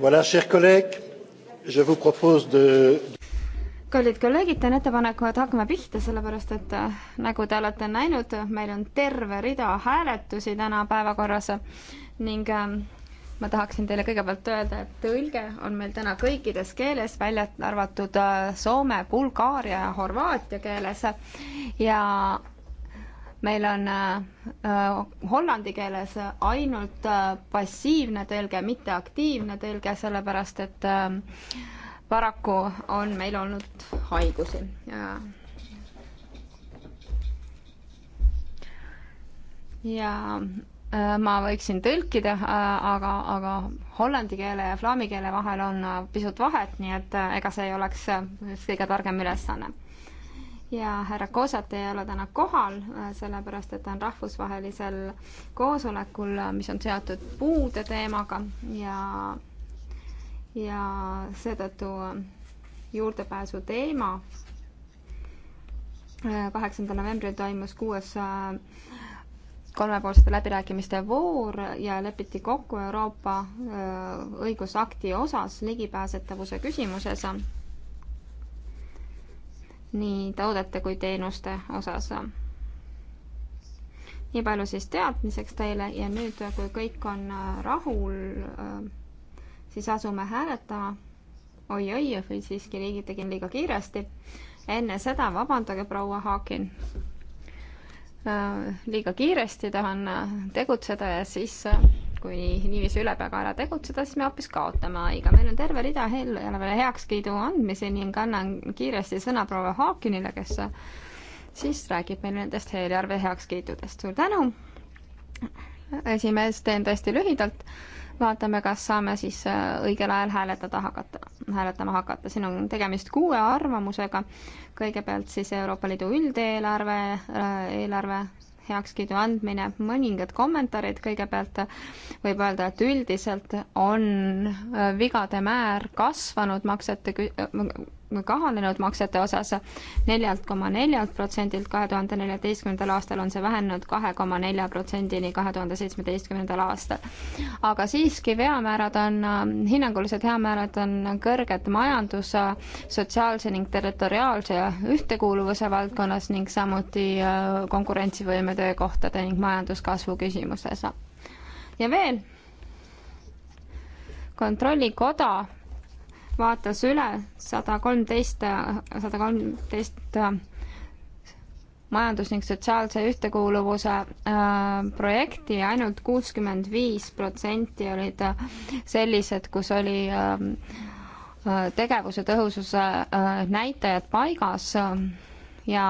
Voilà, chers collègues, je vous propose de kallid kolleegid, teen ettepaneku, et hakkame pihta, sellepärast et äh, nagu te olete näinud, meil on terve rida hääletusi täna päevakorras ning ähm, ma tahaksin teile kõigepealt öelda, et tõlge on meil täna kõikides keeles, välja arvatud äh, soome, bulgaaria ja horvaatia keeles ja meil on äh, hollandi keeles ainult äh, passiivne tõlge, mitte aktiivne tõlge, sellepärast et äh, paraku on meil olnud haigusi. ja ma võiksin tõlkida, aga, aga hollandi keele ja flaami keele vahel on pisut vahet, nii et ega see ei oleks kõige targem ülesanne ja härra Kosat ei ole täna kohal, äh, sellepärast et ta on rahvusvahelisel koosolekul, äh, mis on seotud puude teemaga ja, ja seetõttu äh, juurdepääsu teema kaheksandal novembril toimus kuues kolmepoolsete läbirääkimiste voor ja lepiti kokku Euroopa õigusakti osas ligipääsetavuse küsimuses nii toodete kui teenuste osas. nii palju siis teadmiseks teile ja nüüd, kui kõik on äh, rahul, äh, siis asume hääletama oi,. oi-oi, või siiski liigi tegin liiga kiiresti. enne seda vabandage, proua Haakin. Äh, liiga kiiresti tahan tegutseda ja siis kui niiviisi ülepeakaela tegutseda, siis me hoopis kaotame haiga. meil on terve rida eelarvele heakskiidu andmisi ning annan kiiresti sõna proua Haakinile, kes siis räägib meile nendest eelarve heakskiitudest. suur tänu, esimees, teen tõesti lühidalt vaatame, kas saame siis äh, õigel ajal hääletada hakata, hääletama hakata. siin on tegemist kuue arvamusega. kõigepealt siis Euroopa Liidu üldeelarve, äh, eelarve heakskiidu andmine. mõningad kommentaarid kõigepealt võib öelda, et üldiselt on äh, vigade määr kasvanud maksete kahanenud maksete osas neljalt koma neljalt protsendilt kahe tuhande neljateistkümnendal aastal on see vähenenud kahe koma nelja protsendini kahe tuhande seitsmeteistkümnendal aastal. aga siiski veamäärad on, hinnangulised veamäärad on kõrged majanduse, sotsiaalse ning territoriaalse ühtekuuluvuse valdkonnas ning samuti äh, konkurentsivõime töökohtade ning majanduskasvu küsimuses. ja veel kontrollikoda vaatas üle sada kolmteist, sada kolmteist äh, majandus- ning sotsiaalse ühtekuuluvuse äh, projekti ja ainult kuuskümmend viis protsenti olid äh, sellised, kus oli äh, äh tegevuse tõhususe äh, näitajad paigas ja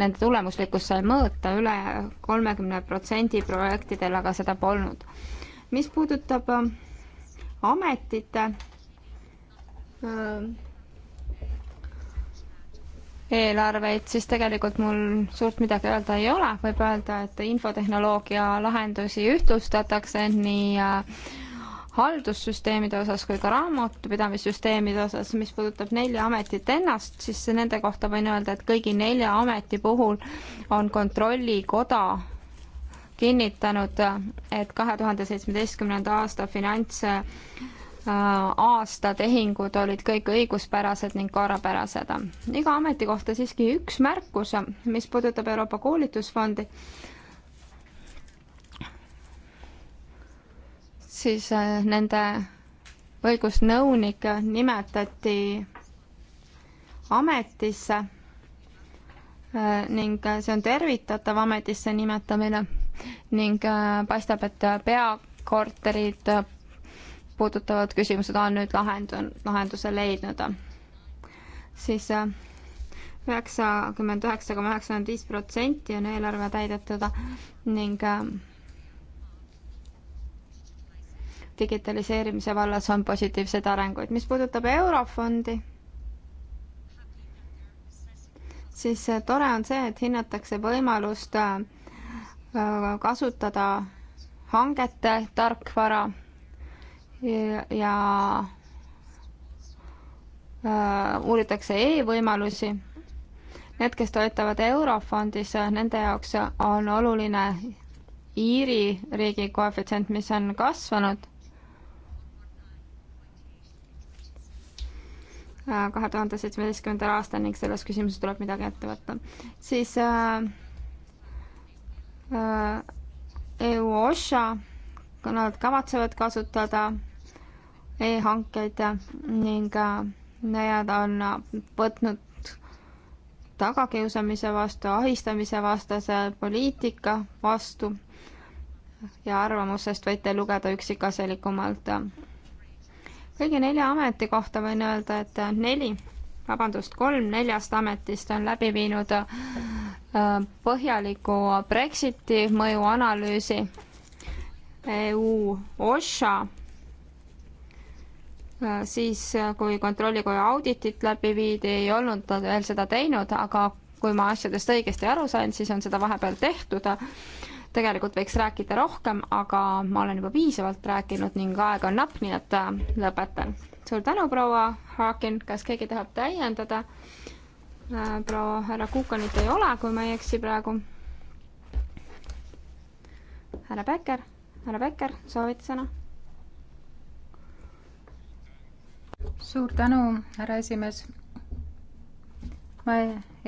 nende tulemuslikkust sai mõõta üle kolmekümne protsendi projektidel, aga seda polnud. mis puudutab ametite Äh, eelarveid, siis tegelikult mul suurt midagi öelda ei ole, võib öelda, et infotehnoloogia lahendusi ühtlustatakse nii äh, haldussüsteemide osas kui ka raamatupidamissüsteemide osas, mis puudutab nelja ametit ennast, siis nende kohta võin öelda, et kõigi nelja ameti puhul on Kontrollikoda kinnitanud, äh, et kahe tuhande seitsmeteistkümnenda aasta finants Äh, aasta tehingud olid kõik õiguspärased ning korrapärased. iga ametikohta siiski üks märkus, mis puudutab Euroopa koolitusfondi, siis äh, nende õigusnõunik nimetati ametisse äh, ning see on tervitatav ametisse nimetamine ning paistab, et peakorterid puudutavad küsimused on nüüd lahendunud, lahenduse leidnud. siis äh, üheksakümmend üheksa koma üheksakümmend viis protsenti on eelarve täidetud ning äh, digitaliseerimise vallas on positiivseid arenguid. mis puudutab Eurofondi, siis äh, tore on see, et hinnatakse võimalust kasutada hangete tarkvara ja äh, uuritakse e-võimalusi. Need, kes toetavad Eurofondis, nende jaoks on oluline Iiri riigi koefitsient, mis on kasvanud äh, kahe tuhande seitsmeteistkümnendal aastal ning selles küsimuses tuleb midagi ette võtta. siis äh, äh, EU OSHA, nad kavatsevad kasutada e-hankeid ning äh, need on võtnud tagakiusamise vastu, ahistamise vastase poliitika vastu ja arvamusest võite lugeda üksikasjalikumalt. kõigi nelja ameti kohta võin öelda, et neli, vabandust, kolm neljast ametist on läbi viinud äh, põhjaliku Brexiti mõjuanalüüsi EU OSHA Äh, siis, äh, kui Kontrollikoja auditit läbi viidi, ei olnud nad veel seda teinud, aga kui ma asjadest õigesti aru sain, siis on seda vahepeal tehtud. tegelikult võiks rääkida rohkem, aga ma olen juba piisavalt rääkinud ning aeg on napp, nii et äh, lõpetan. suur tänu, proua Haakin, kas keegi tahab täiendada? proua härra Kukanit ei ole, kui ma ei eksi praegu. härra Becker, härra Becker, soovite sõna? suur tänu, härra esimees. ma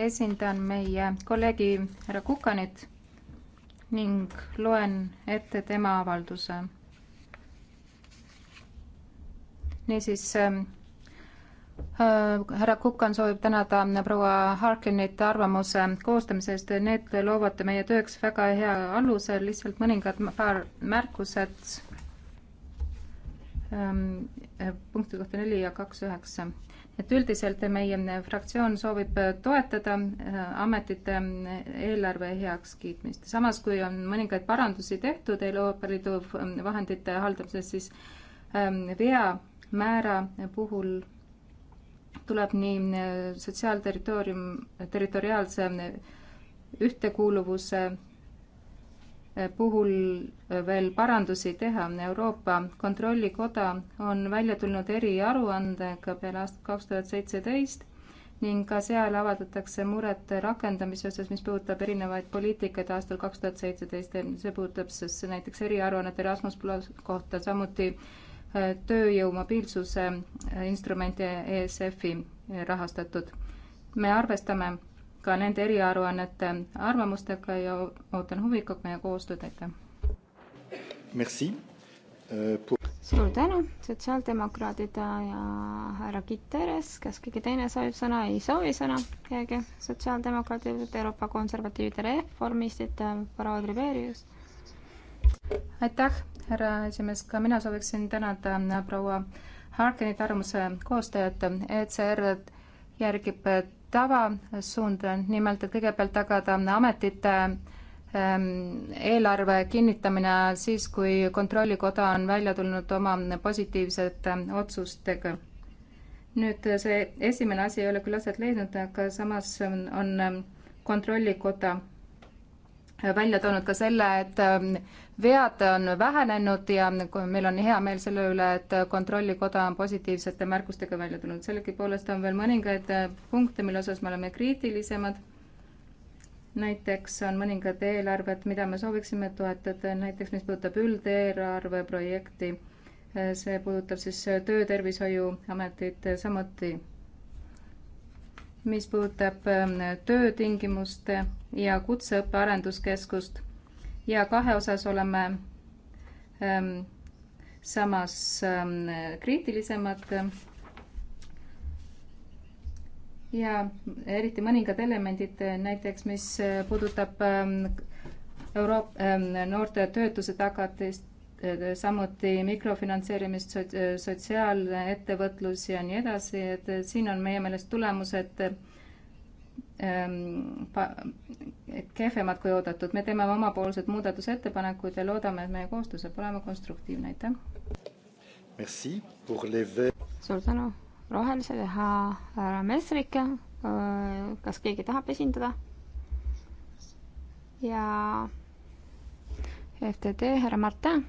esindan meie kolleegi härra Kukanit ning loen ette tema avalduse. niisiis äh,, härra Kukan soovib tänada proua Harkinit arvamuse koostamise eest, need loovad meie tööks väga hea aluse, lihtsalt mõningad paar märkused Ähm, äh, punkti kohta neli ja kaks üheksa. et üldiselt meie fraktsioon soovib äh, toetada äh, ametite eelarve heakskiitmist. samas, kui on mõningaid parandusi tehtud Euroopa Liidu ähm, vahendite haldamises, siis ähm, veamäära puhul tuleb nii sotsiaalterritoorium, territoriaalse ühtekuuluvuse puhul veel parandusi teha. Euroopa Kontrollikoda on välja tulnud eriaruandega peale aastat kaks tuhat seitseteist ning ka seal avaldatakse muret rakendamise osas, mis puudutab erinevaid poliitikaid aastal kaks tuhat seitseteist, see puudutab siis näiteks eriaruannet Erasmus pluss kohta, samuti äh, tööjõu mobiilsuse äh, instrumenti ESF-i rahastatud. me arvestame ka nende eriaruannete arvamustega ja ootan huviga meie koostööd, aitäh! Merci euh, pour...! suur tänu, sotsiaaldemokraadid ja härra Kiteres, kas keegi teine soovib sõna, ei soovi sõna keegi, sotsiaaldemokraadid, Euroopa konservatiivide reformistid, Varro Riverius. aitäh, härra esimees, ka mina sooviksin tänada proua Harkinit arvamuse koostajat, ECR järgib tavasuund, nimelt et kõigepealt tagada ametite ähm, eelarve kinnitamine siis, kui Kontrollikoda on välja tulnud oma positiivsete ähm, otsustega. nüüd äh, see esimene asi ei ole küll aset leidnud, aga samas on ähm, Kontrollikoda välja toonud ka selle, et vead on vähenenud ja meil on hea meel selle üle, et Kontrollikoda on positiivsete märkustega välja tulnud. sellegipoolest on veel mõningaid punkte, mille osas me oleme kriitilisemad. näiteks on mõningad eelarved, mida me sooviksime toetada, näiteks mis puudutab üldeelarve projekti, see puudutab siis Töötervishoiuametit samuti mis puudutab töötingimuste ja kutseõppe arenduskeskust ja kahe osas oleme ähm, samas ähm, kriitilisemad. ja eriti mõningad elemendid, näiteks mis puudutab ähm, Euroopa ähm, noorte töötuse tagatist äh,, samuti mikrofinantseerimist soot,, sotsiaalettevõtlus ja nii edasi, et äh, siin on meie meelest tulemused äh, Ehm, kehvemad kui oodatud. me teeme omapoolsed muudatusettepanekud ja loodame, et meie koostöö saab olema konstruktiivne, aitäh! suur tänu rohelisele härra Messrike, äh, kas keegi tahab esindada? ja FTD härra Martin,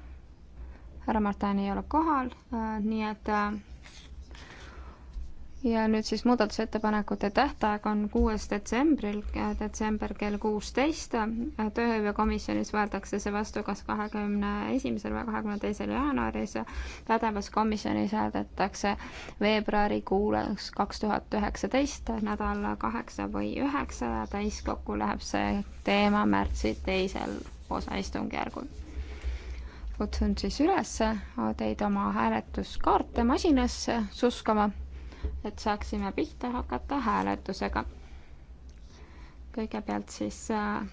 härra Martin ei ole kohal, äh, nii et äh, ja nüüd siis muudatusettepanekute tähtaeg on kuues detsembril, äh, detsember kell kuusteist. Äh, tööhõivekomisjonis võetakse see vastu kas kahekümne esimesel või kahekümne teisel jaanuaris. pädevas komisjonis hääletatakse veebruarikuus kaks tuhat üheksateist, nädal kaheksa või üheksa ja täiskokku läheb see teema märtsi teisel osaistungjärgul. kutsun siis üles teid oma hääletuskaarte masinasse suskama et saaksime pihta hakata hääletusega. kõigepealt siis äh,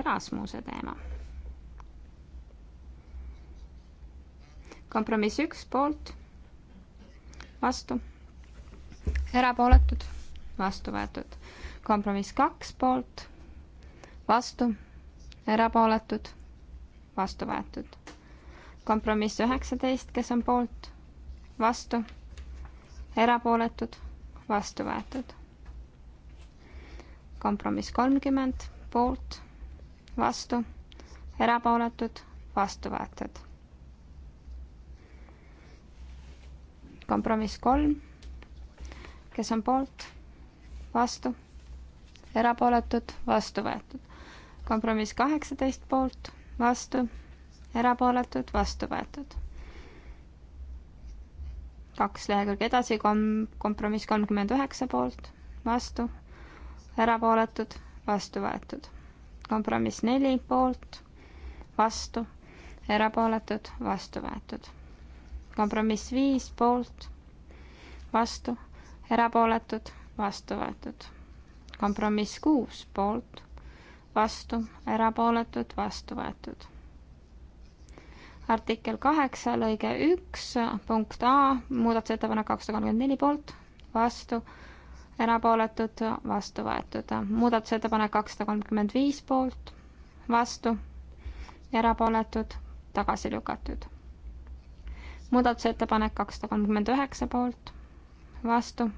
Erasmuse teema. kompromiss üks poolt, vastu, erapooletud, vastu võetud. kompromiss kaks poolt, vastu, erapooletud, vastu võetud. kompromiss üheksateist, kes on poolt, vastu erapooletud, vastu võetud. kompromiss kolmkümmend, poolt, vastu, erapooletud, vastu võetud. kompromiss kolm, kes on poolt, vastu, erapooletud, vastu võetud. kompromiss kaheksateist poolt, vastu, erapooletud, vastu võetud kaks lehekülge edasi, kom-, kompromiss kolmkümmend üheksa poolt, vastu, erapooletud, vastu võetud. kompromiss neli poolt, vastu, erapooletud, vastu võetud. kompromiss viis poolt, vastu, erapooletud, vastu võetud. kompromiss kuus poolt, vastu, erapooletud, vastu võetud artikkel kaheksa, lõige üks, punkt A, muudatusettepanek kakssada kolmkümmend neli poolt, vastu, erapooletud, vastu võetud. muudatusettepanek kakssada kolmkümmend viis poolt, vastu, erapooletud, tagasi lükatud. muudatusettepanek kakssada kolmkümmend üheksa poolt, vastu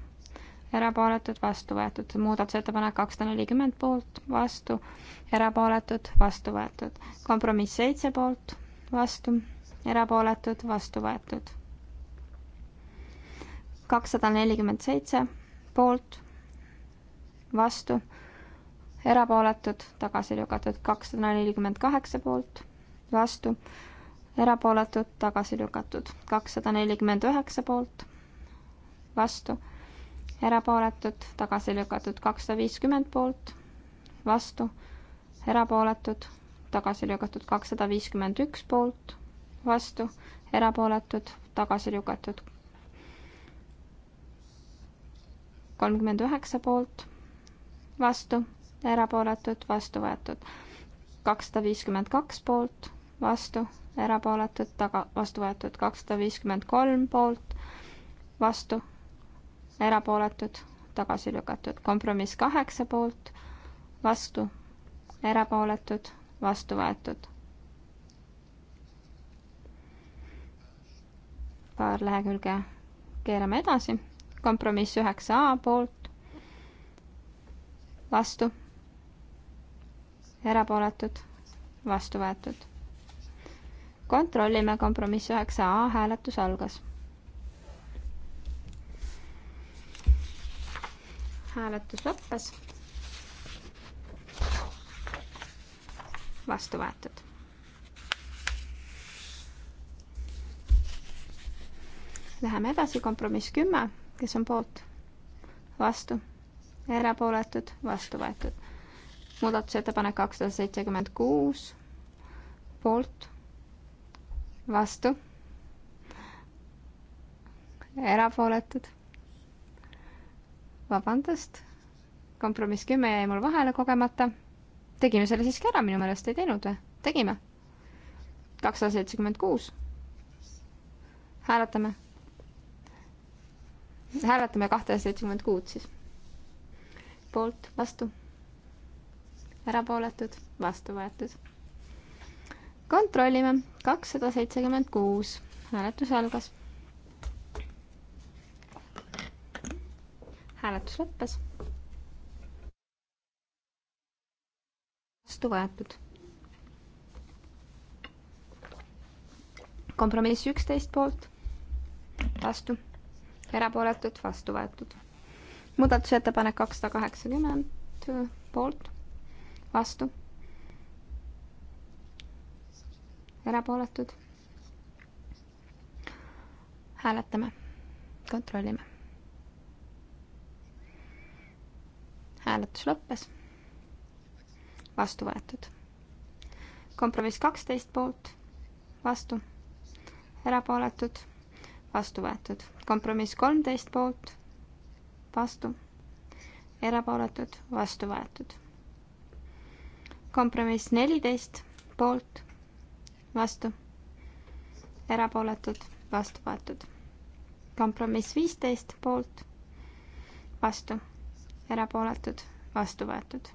erapooletud, vastu võetud. muudatusettepanek kakssada nelikümmend poolt, vastu, erapooletud, vastu võetud. kompromiss seitse poolt, vastu, erapooletud, vastu võetud. kakssada nelikümmend seitse poolt, vastu, erapooletud, tagasi lükatud, kakssada nelikümmend kaheksa poolt, vastu, erapooletud, tagasi lükatud, kakssada nelikümmend üheksa poolt, vastu, erapooletud, tagasi lükatud, kakssada viiskümmend poolt, vastu, erapooletud tagasi lükatud kakssada viiskümmend üks poolt, vastu, erapooletud, tagasi lükatud kolmkümmend üheksa poolt, vastu, erapooletud, vastu võetud. kakssada viiskümmend kaks poolt, vastu, erapooletud, taga, vastu võetud. kakssada viiskümmend kolm poolt, vastu, erapooletud, tagasi lükatud. kompromiss kaheksa poolt, vastu, erapooletud, vastu võetud. paar lehekülge keerame edasi, kompromiss üheksa A poolt, vastu, erapooletud, vastu võetud. kontrollime, kompromiss üheksa A hääletus algas. hääletus lõppes vastu võetud. Läheme edasi, kompromiss kümme, kes on poolt, vastu, erapooletud, vastu võetud. muudatusettepanek kakssada seitsekümmend kuus, poolt, vastu, erapooletud. vabandust, kompromiss kümme jäi mul vahele kogemata tegime selle siiski ära minu meelest, ei teinud või? tegime. kakssada seitsekümmend kuus. hääletame. hääletame kahtesada seitsekümmend kuut siis. poolt, vastu. erapooletud, vastu võetud. kontrollime, kakssada seitsekümmend kuus, hääletus algas. hääletus lõppes vastu võetud. kompromiss üksteist poolt, vastu, erapooletud, vastu võetud. muudatusettepanek kakssada kaheksakümmend poolt, vastu, erapooletud. hääletame, kontrollime. hääletus lõppes vastu võetud. kompromiss kaksteist poolt, vastu, erapooletud, vastu võetud. kompromiss kolmteist poolt, vastu, erapooletud, vastu võetud. kompromiss neliteist poolt, vastu, erapooletud, vastu võetud. kompromiss viisteist poolt, vastu erapooletud, vastu võetud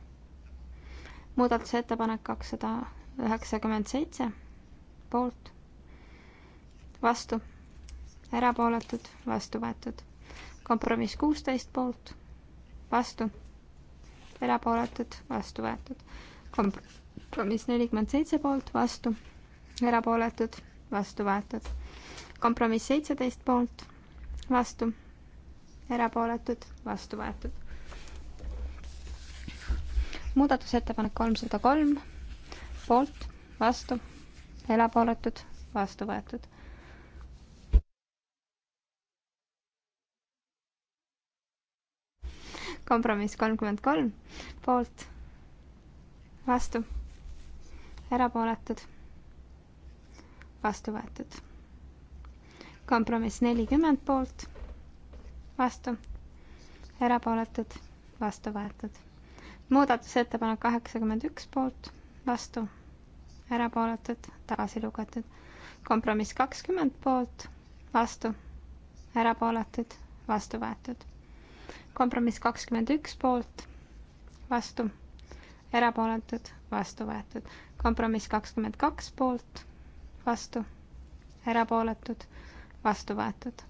muudatusettepanek kakssada üheksakümmend seitse poolt, vastu, erapooletud, vastu võetud. kompromiss kuusteist poolt, vastu, erapooletud, vastu võetud. kompromiss nelikümmend seitse poolt, vastu, erapooletud, vastu võetud. kompromiss seitseteist poolt, vastu, erapooletud, vastu võetud muudatusettepanek kolmsada kolm, poolt, vastu, erapooletud, vastu võetud. kompromiss kolmkümmend kolm, poolt, vastu, erapooletud, vastu võetud. kompromiss nelikümmend poolt, vastu, erapooletud, vastu võetud muudatusettepanek kaheksakümmend üks poolt, vastu, erapooletud, tagasi lükatud. kompromiss kakskümmend poolt, vastu, erapooletud, vastu võetud. kompromiss kakskümmend üks poolt, vastu, erapooletud, vastu võetud. kompromiss kakskümmend kaks poolt, vastu, erapooletud, vastu võetud.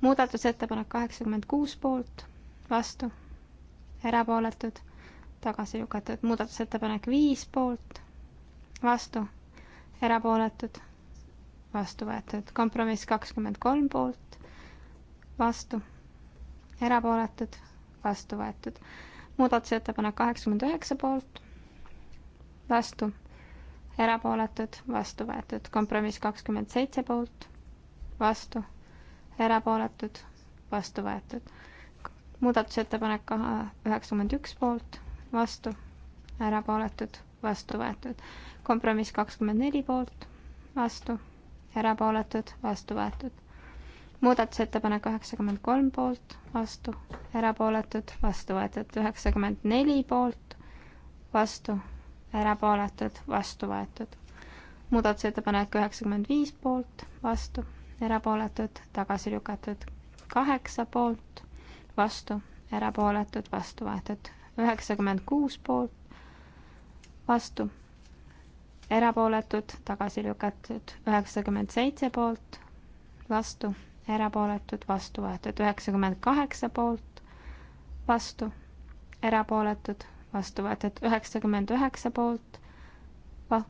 muudatusettepanek kaheksakümmend kuus poolt, vastu, erapooletud tagasi lükatud, muudatusettepanek viis poolt, vastu, erapooletud, vastu võetud, kompromiss kakskümmend kolm poolt, vastu, erapooletud, vastu võetud, muudatusettepanek kaheksakümmend üheksa poolt, vastu, erapooletud, vastu võetud, kompromiss kakskümmend seitse poolt, vastu, erapooletud, vastu võetud muudatusettepanek üheksakümmend üks poolt, vastu, erapooletud, vastu võetud. kompromiss kakskümmend neli poolt, vastu, erapooletud, vastu võetud. muudatusettepanek üheksakümmend kolm poolt, vastu, erapooletud, vastu võetud. üheksakümmend neli poolt, vastu, erapooletud, vastu võetud. muudatusettepanek üheksakümmend viis poolt, vastu, erapooletud, tagasi lükatud. kaheksa poolt, vastu, erapooletud, vastu võetud üheksakümmend kuus poolt, vastu, erapooletud, tagasi lükatud, üheksakümmend seitse poolt, vastu, erapooletud, vastu võetud, üheksakümmend kaheksa poolt, vastu, erapooletud, vastu võetud, üheksakümmend üheksa poolt, va-,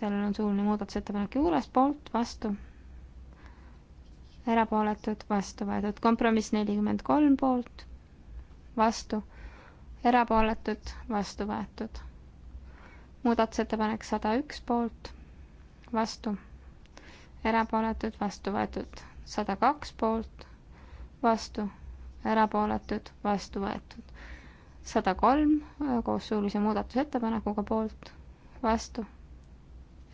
sellel on suuline muudatusettepanek juures, poolt, vastu, erapooletud, vastu võetud, kompromiss nelikümmend kolm poolt, vastu erapooletud, vastu võetud. muudatusettepanek sada üks poolt, vastu, erapooletud, vastu võetud, sada kaks poolt, vastu, erapooletud, vastu võetud, sada kolm äh, koos suulise muudatusettepanekuga poolt, vastu,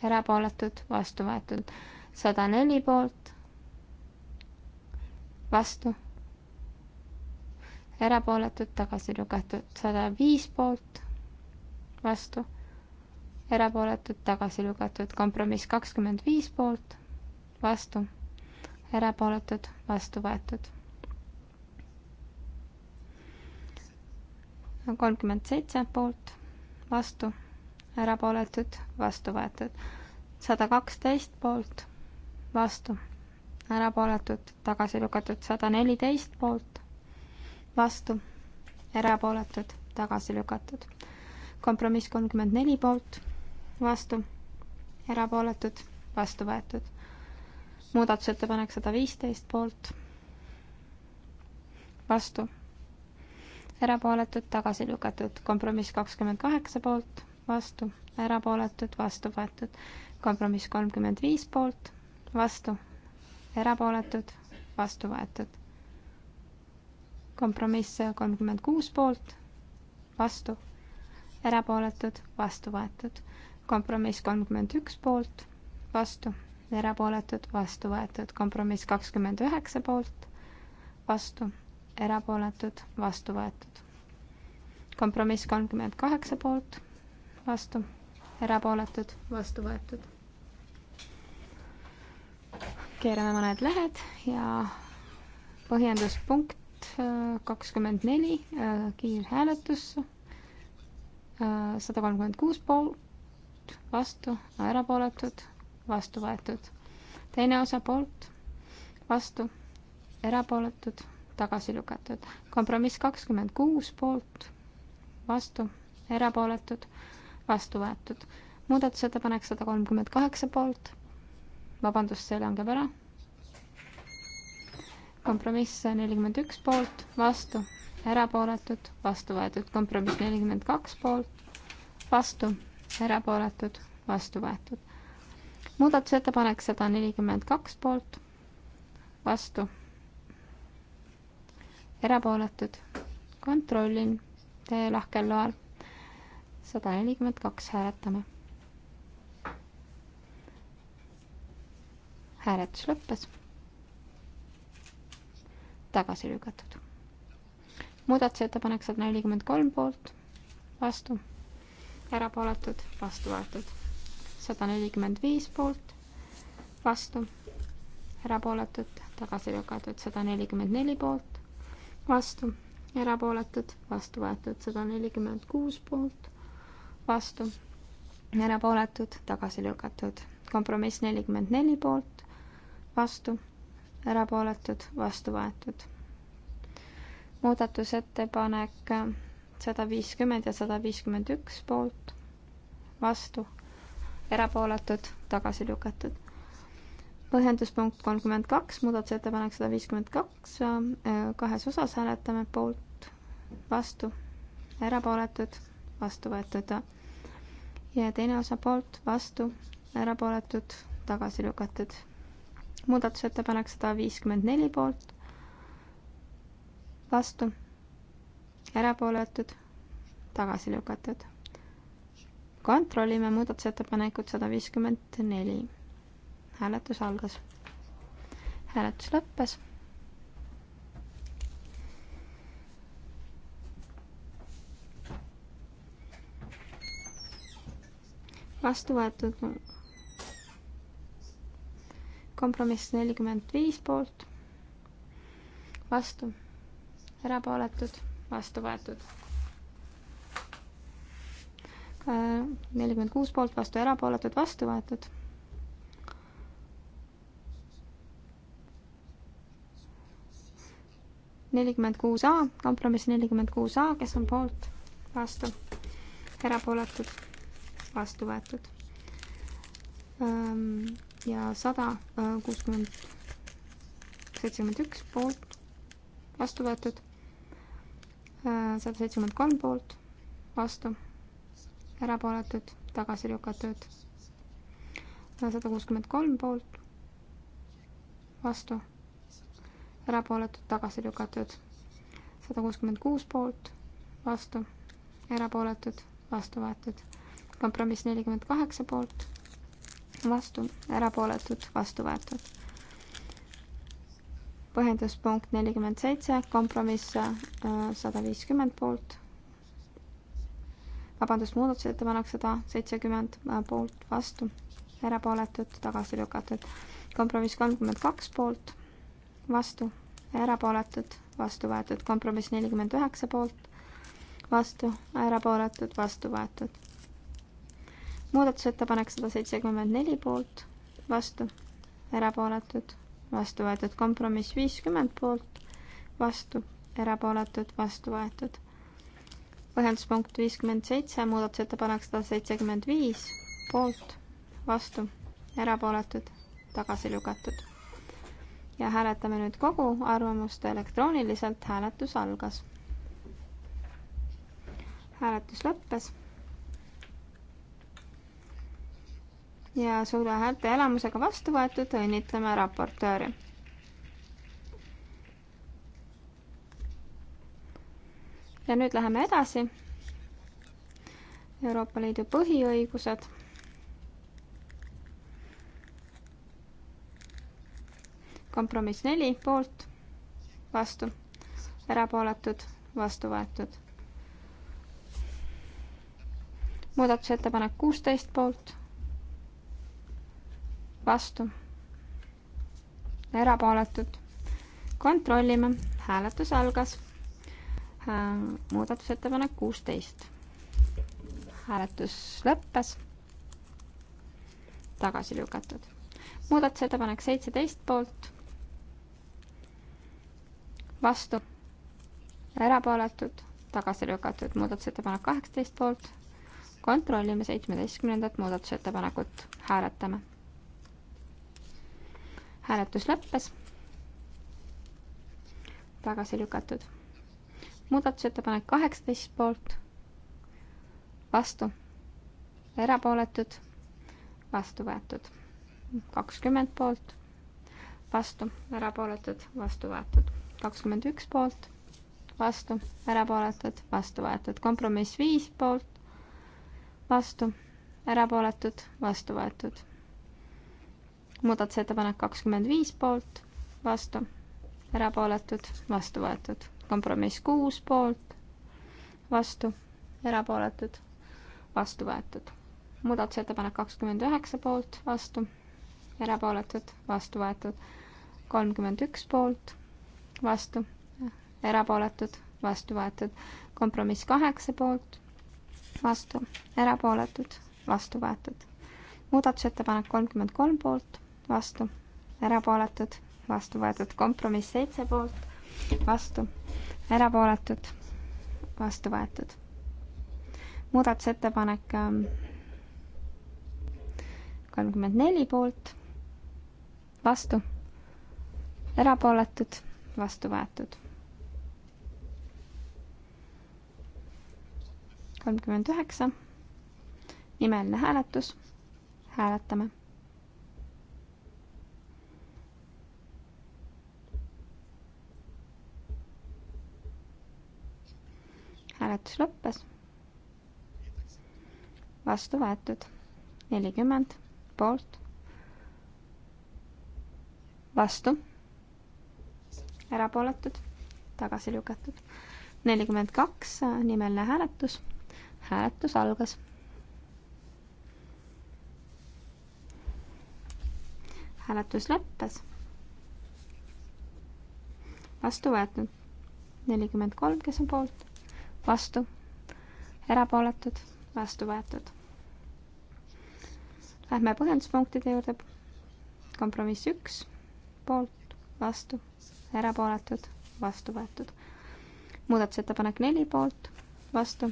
erapooletud, vastu võetud, sada neli poolt, vastu erapooletud, tagasi lükatud, sada viis poolt, vastu, erapooletud, tagasi lükatud, kompromiss kakskümmend viis poolt, vastu, erapooletud, vastu võetud. kolmkümmend seitse poolt, vastu, erapooletud, vastu võetud, sada kaksteist poolt, vastu, erapooletud, tagasi lükatud, sada neliteist poolt vastu, erapooletud, tagasi lükatud. kompromiss kolmkümmend neli poolt, vastu, erapooletud, vastu võetud. muudatusettepanek sada viisteist poolt, vastu, erapooletud, tagasi lükatud. kompromiss kakskümmend kaheksa poolt, vastu, erapooletud, vastu võetud. kompromiss kolmkümmend viis poolt, vastu, erapooletud, vastu võetud kompromiss kolmkümmend kuus poolt, vastu, erapooletud, vastu võetud. kompromiss kolmkümmend üks poolt, vastu, erapooletud, vastu võetud. kompromiss kakskümmend üheksa poolt, vastu, erapooletud, vastu võetud. kompromiss kolmkümmend kaheksa poolt, vastu, erapooletud, vastu võetud. keerame mõned lehed ja põhjenduspunkt kakskümmend neli, äh, kiirhääletus, äh, sada kolmkümmend kuus poolt, vastu, erapooletud, vastu võetud. teine osa poolt, vastu, erapooletud, tagasi lükatud. kompromiss kakskümmend kuus poolt, vastu, erapooletud, vastu võetud. muudatusettepanek sada kolmkümmend kaheksa poolt, vabandust, see langeb ära kompromiss nelikümmend üks poolt, vastu, erapooletud, vastu võetud. kompromiss nelikümmend kaks poolt, vastu, erapooletud, vastu võetud. muudatusettepanek sada nelikümmend kaks poolt, vastu, erapooletud. kontrollin teie lahkel loal. sada nelikümmend kaks hääletame. hääletus lõppes tagasi lükatud. muudatusettepanek sada nelikümmend kolm poolt, vastu, erapooletud, vastu võetud. sada nelikümmend viis poolt, vastu, erapooletud, tagasi lükatud. sada nelikümmend neli poolt, vastu, erapooletud, vastu võetud. sada nelikümmend kuus poolt, vastu, erapooletud, tagasi lükatud. kompromiss nelikümmend neli poolt, vastu erapooletud, vastu võetud. muudatusettepanek sada viiskümmend ja sada viiskümmend üks poolt, vastu, erapooletud, tagasi lükatud põhjenduspunkt kolmkümmend kaks, muudatusettepanek sada viiskümmend kaks, kahes osas hääletame poolt, vastu, erapooletud, vastu võetud. ja teine osa poolt, vastu, erapooletud, tagasi lükatud muudatusettepanek sada viiskümmend neli poolt, vastu, erapooletud, tagasi lükatud. kontrollime muudatusettepanekut sada viiskümmend neli. hääletus algas. hääletus lõppes vastu võetud kompromiss nelikümmend viis poolt, vastu, erapooletud, vastu võetud. nelikümmend kuus poolt, vastu erapooletud, vastu võetud. nelikümmend kuus A, kompromiss nelikümmend kuus A, kes on poolt, vastu, erapooletud, vastu võetud ja sada äh, kuuskümmend, seitsekümmend üks poolt, vastu võetud, äh, sada seitsekümmend kolm poolt, vastu, erapooletud, tagasi lükatud, äh, sada kuuskümmend kolm poolt, vastu, erapooletud, tagasi lükatud, sada kuuskümmend kuus poolt, vastu, erapooletud, vastu võetud, kompromiss nelikümmend kaheksa poolt vastu, erapooletud, vastu võetud. põhjenduspunkt nelikümmend seitse, kompromiss äh, sada viiskümmend poolt. vabandust, muudatusettepanek sada seitsekümmend äh, poolt, vastu, erapooletud, tagasi lükatud. kompromiss kolmkümmend kaks poolt, vastu, erapooletud, vastu võetud. kompromiss nelikümmend üheksa poolt, vastu, erapooletud, vastu võetud muudatusettepanek sada seitsekümmend neli poolt, vastu, erapooletud, vastu võetud kompromiss viiskümmend poolt, vastu, erapooletud, vastu võetud. põhjenduspunkt viiskümmend seitse, muudatusettepanek sada seitsekümmend viis, poolt, vastu, erapooletud, tagasi lükatud. ja hääletame nüüd kogu arvamust elektrooniliselt, hääletus algas. hääletus lõppes ja suure häälte elamusega vastu võetud, õnnitleme raportööri. ja nüüd läheme edasi. Euroopa Liidu põhiõigused. kompromiss neli poolt, vastu, erapooletud, vastu võetud. muudatusettepanek kuusteist poolt vastu, erapooletud. kontrollime, hääletus algas. muudatusettepanek kuusteist. hääletus lõppes. tagasi lükatud. muudatusettepanek seitseteist poolt, vastu, erapooletud tagasi lükatud muudatusettepanek kaheksateist poolt. kontrollime seitsmeteistkümnendat muudatusettepanekut, hääletame hääletus lõppes. tagasi lükatud. muudatusettepanek kaheksateist poolt, vastu, erapooletud, vastu võetud. kakskümmend poolt, vastu, erapooletud, vastu võetud. kakskümmend üks poolt, vastu, erapooletud, vastu võetud. kompromiss viis poolt, vastu, erapooletud, vastu võetud muudatusettepanek kakskümmend viis poolt, vastu, erapooletud, vastu võetud. kompromiss kuus poolt, vastu, erapooletud, vastu võetud. muudatusettepanek kakskümmend üheksa poolt, vastu, erapooletud, vastu võetud. kolmkümmend üks poolt, vastu, erapooletud, vastu võetud. kompromiss kaheksa poolt, vastu, erapooletud, vastu võetud. muudatusettepanek kolmkümmend kolm poolt vastu, erapooletud, vastu võetud. kompromiss seitse poolt, vastu, erapooletud, vastu võetud. muudatusettepanek ähm, kolmkümmend neli poolt, vastu, erapooletud, vastu võetud kolmkümmend üheksa. nimeline hääletus. hääletame. hääletus lõppes. vastu võetud nelikümmend poolt. vastu. erapooletud, tagasi lükatud. nelikümmend kaks, nimeline hääletus. hääletus algas. hääletus lõppes. vastu võetud nelikümmend kolm, kes on poolt vastu, erapooletud, vastu võetud. Lähme põhjenduspunktide juurde. kompromiss üks, poolt, vastu, erapooletud, vastu võetud. muudatusettepanek neli poolt, vastu,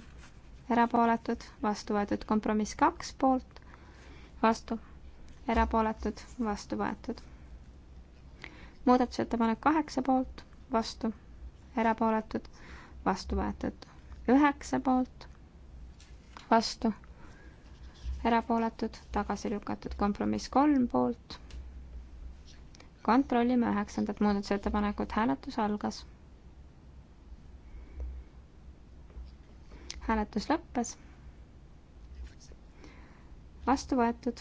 erapooletud, vastu võetud. kompromiss kaks poolt, vastu, erapooletud, vastu võetud muudatusettepanek kaheksa poolt, vastu, erapooletud, vastu võetud üheksa poolt, vastu, erapooletud, tagasi lükatud, kompromiss kolm poolt. kontrollime üheksandat muudatusettepanekut, hääletus algas. hääletus lõppes. vastu võetud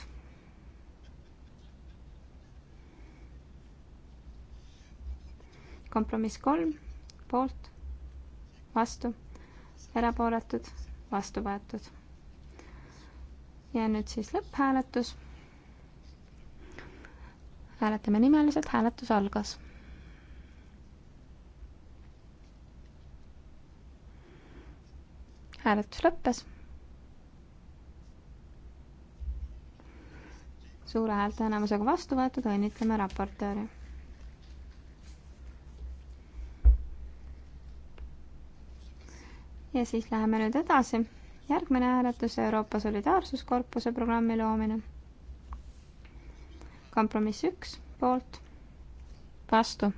kompromiss kolm, poolt, vastu, erapooletud, vastu võetud. ja nüüd siis lõpphääletus. hääletame nimeliselt, hääletus algas. hääletus lõppes suure häälteenamusega vastu võetud, õnnitleme raportööri ja siis läheme nüüd edasi. järgmine hääletus Euroopa Solidaarsuskorpuse programmi loomine. kompromiss üks, poolt, vastu,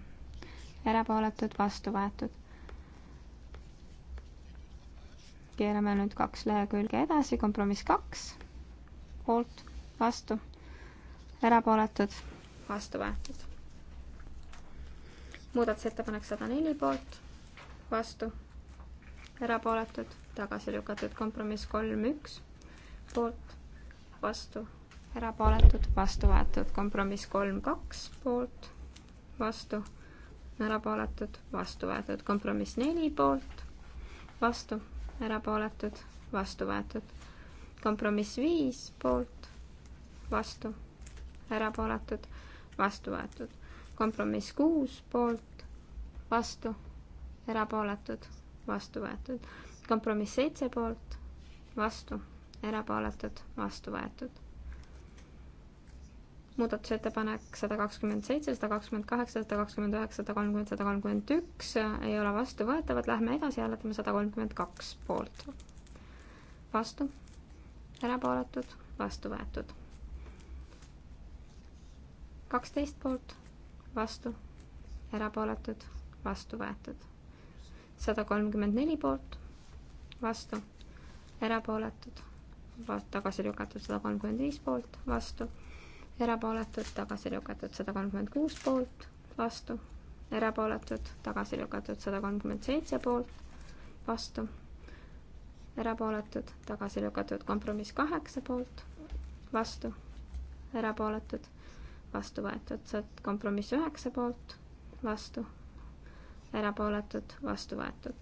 erapooletud, vastu võetud. keerame nüüd kaks lehekülge edasi, kompromiss kaks, poolt, vastu, erapooletud, vastu võetud. muudatusettepanek sada neli poolt, vastu erapooletud, tagasi lükatud kompromiss kolm, üks, poolt, vastu, erapooletud, vastu võetud kompromiss kolm, kaks, poolt, vastu, erapooletud, vastu võetud kompromiss neli, poolt, vastu, erapooletud, vastu võetud kompromiss viis, poolt, vastu, erapooletud, vastu võetud kompromiss kuus, poolt, vastu, erapooletud vastu võetud. kompromiss seitse poolt, vastu, erapooletud, vastu võetud. muudatusettepanek sada kakskümmend seitse, sada kakskümmend kaheksa, sada kakskümmend üheksa, sada kolmkümmend, sada kolmkümmend üks ei ole vastuvõetavad, lähme edasi, hääletame sada kolmkümmend kaks poolt. vastu, erapooletud, vastu võetud. kaksteist poolt, vastu, erapooletud, vastu võetud sada kolmkümmend neli poolt, vastu, erapooletud, tagasi lükatud sada kolmkümmend viis poolt, vastu, erapooletud, tagasi lükatud sada kolmkümmend kuus poolt, vastu, erapooletud, tagasi lükatud sada kolmkümmend seitse poolt, vastu, erapooletud, tagasi lükatud kompromiss kaheksa poolt, vastu, erapooletud, vastu võetud, kompromiss üheksa poolt, vastu erapooletud, vastu võetud.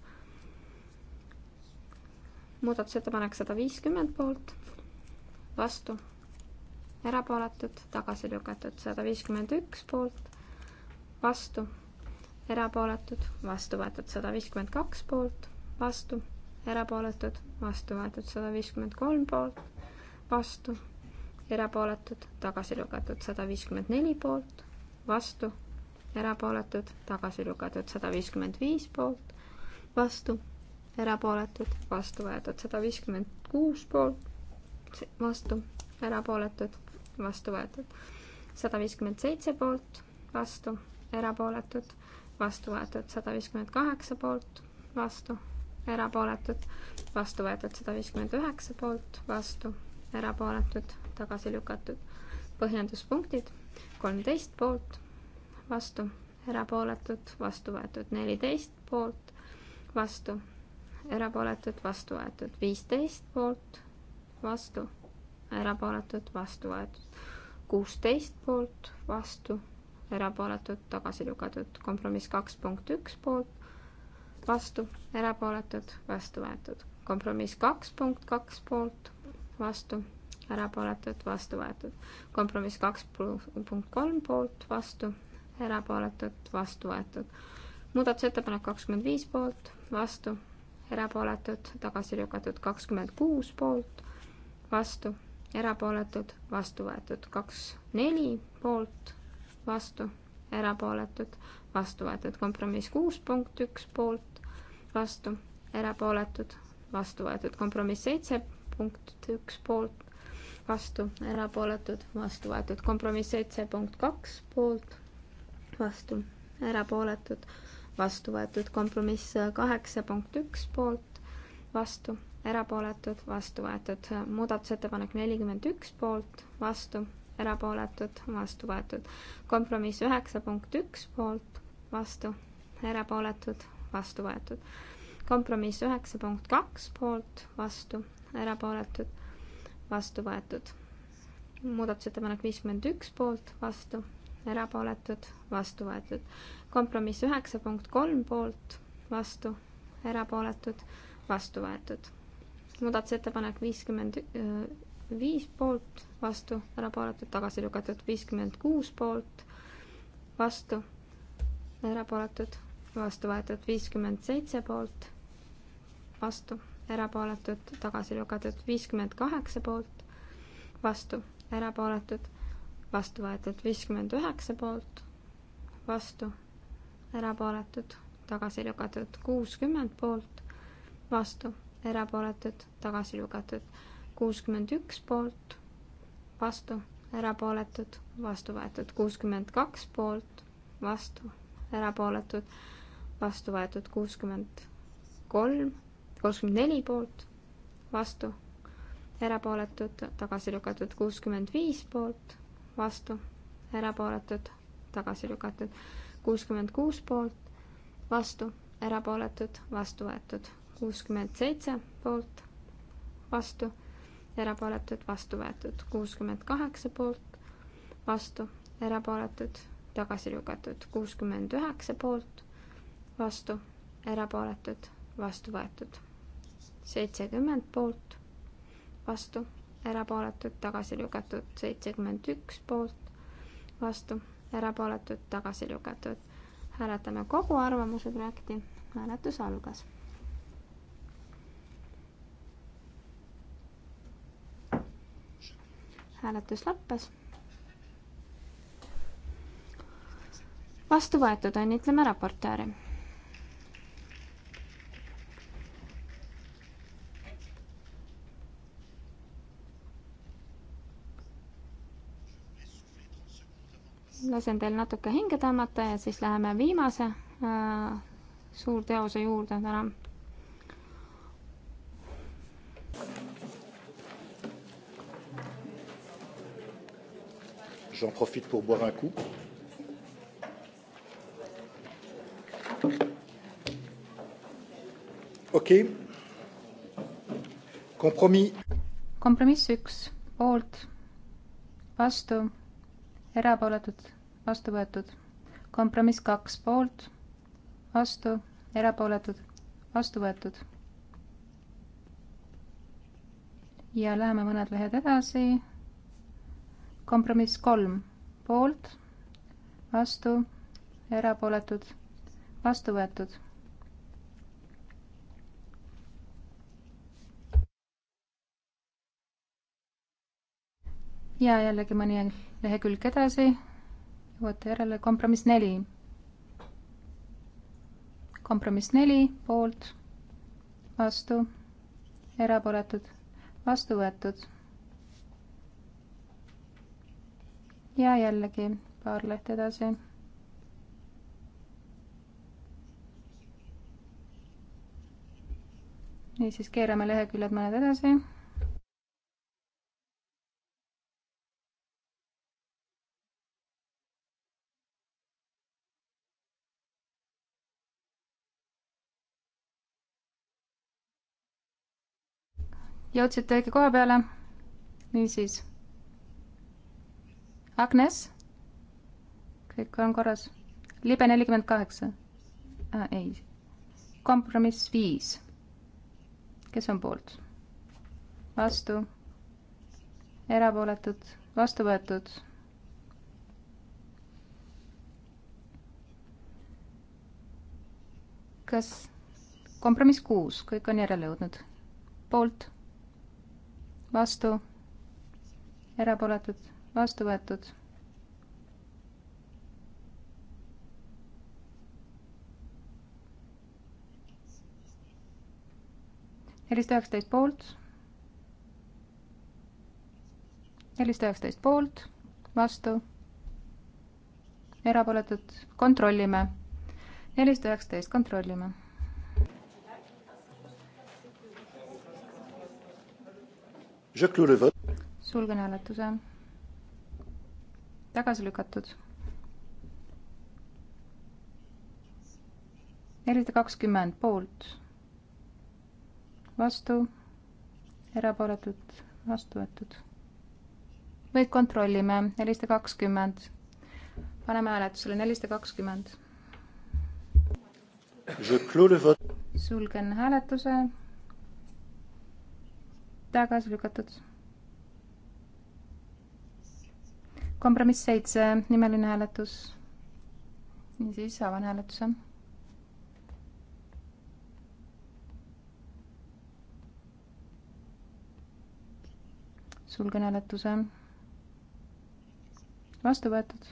muudatusettepanek sada viiskümmend poolt, vastu, erapooletud, tagasi lükatud, sada viiskümmend üks poolt, vastu, erapooletud, vastu võetud, sada viiskümmend kaks poolt, vastu, erapooletud, vastu võetud, sada viiskümmend kolm poolt, vastu, erapooletud, tagasi lükatud, sada viiskümmend neli poolt, vastu erapooletud, tagasi lükatud sada viiskümmend viis poolt, vastu, erapooletud, vastu võetud sada viiskümmend kuus poolt, vastu, erapooletud, vastu võetud sada viiskümmend seitse poolt, vastu, erapooletud, vastu võetud sada viiskümmend kaheksa poolt, vastu, erapooletud, vastu võetud sada viiskümmend üheksa poolt, vastu, erapooletud, tagasi lükatud. põhjenduspunktid kolmteist poolt vastu, erapooletud, vastu võetud neliteist poolt, vastu, erapooletud, vastu võetud viisteist poolt, vastu, erapooletud, vastu võetud kuusteist poolt, vastu, erapooletud, tagasi lükatud, kompromiss kaks punkt üks poolt, vastu, erapooletud, vastu võetud, kompromiss kaks punkt kaks poolt, vastu, erapooletud, vastu võetud. kompromiss kaks punkt kolm poolt, vastu, erapooletut, vastu võetud. muudatusettepanek kakskümmend viis poolt, vastu, erapooletud, tagasi lükatud kakskümmend kuus poolt, vastu, erapooletud, vastu võetud kaks, neli poolt, vastu, erapooletud, vastu võetud kompromiss kuus punkt üks poolt, vastu, erapooletud, vastu võetud kompromiss seitse punkt üks poolt, vastu, erapooletud, vastu võetud kompromiss seitse punkt kaks poolt vastu, erapooletud, vastu võetud. kompromiss kaheksa punkt üks poolt, vastu, erapooletud, vastu võetud. muudatusettepanek nelikümmend üks poolt, vastu, erapooletud, vastu võetud. kompromiss üheksa punkt üks poolt, vastu, erapooletud, vastu võetud kompromiss üheksa punkt kaks poolt, vastu, erapooletud, vastu võetud. muudatusettepanek viiskümmend üks poolt, vastu, erapooletud, vastu võetud. kompromiss üheksa punkt kolm poolt, vastu, erapooletud, vastu võetud. muudatusettepanek viiskümmend äh, viis poolt, vastu, erapooletud, tagasi lükatud, viiskümmend kuus poolt, vastu, erapooletud, vastu võetud, viiskümmend seitse poolt, vastu, erapooletud, tagasi lükatud, viiskümmend kaheksa poolt, vastu, erapooletud vastu võetud viiskümmend üheksa poolt, vastu, erapooletud, tagasi lükatud kuuskümmend poolt, vastu, erapooletud, tagasi lükatud kuuskümmend üks poolt, vastu, erapooletud, vastu võetud kuuskümmend kaks poolt, vastu, erapooletud, vastu võetud kuuskümmend kolm, kuuskümmend neli poolt, vastu, erapooletud, tagasi lükatud kuuskümmend viis poolt vastu, erapooletud, tagasi lükatud. kuuskümmend kuus poolt, vastu, erapooletud, vastu võetud. kuuskümmend seitse poolt, vastu, erapooletud, vastu võetud. kuuskümmend kaheksa poolt, vastu, erapooletud, tagasi lükatud. kuuskümmend üheksa poolt, vastu, erapooletud, vastu võetud. seitsekümmend poolt, vastu erapooletud, tagasi lükatud, seitsekümmend üks poolt, vastu, erapooletud, tagasi lükatud. hääletame kogu arvamuse projekti, hääletus algas. hääletus lõppes. vastu võetud, õnnitleme raportööri lasen teil natuke hinge tõmmata ja siis läheme viimase äh, suurteose juurde täna. J'en profite pour boire un coup. okei okay.. kompromiss. kompromiss üks, poolt, vastu, erapooletud vastu võetud. kompromiss kaks poolt, vastu, erapooletud, vastu võetud. ja läheme mõned lehed edasi. kompromiss kolm poolt, vastu, erapooletud, vastu võetud. ja jällegi mõni lehekülg edasi jõuate järele, kompromiss neli. kompromiss neli, poolt, vastu, erapooletud, vastu võetud. ja jällegi paar lehte edasi niisiis keerame leheküljed mõned edasi jõudsite õige koha peale? niisiis. Agnes? kõik on korras? libe nelikümmend kaheksa? Äh, ei. kompromiss viis. kes on poolt? vastu? erapooletud? vastu võetud? kas kompromiss kuus, kõik on järele jõudnud? poolt vastu, erapooletud, vastu võetud. nelisada üheksateist poolt, nelisada üheksateist poolt, vastu, erapooletud, kontrollime. nelisada üheksateist, kontrollime sulgen hääletuse. tagasi lükatud. nelisada kakskümmend poolt, vastu, erapooletud, vastu võetud. või kontrollime, nelisada kakskümmend. paneme hääletusele nelisada kakskümmend. sulgen hääletuse tagasi lükatud. kompromiss seitse, nimeline hääletus. niisiis, avan hääletuse. sulgen hääletuse. vastu võetud.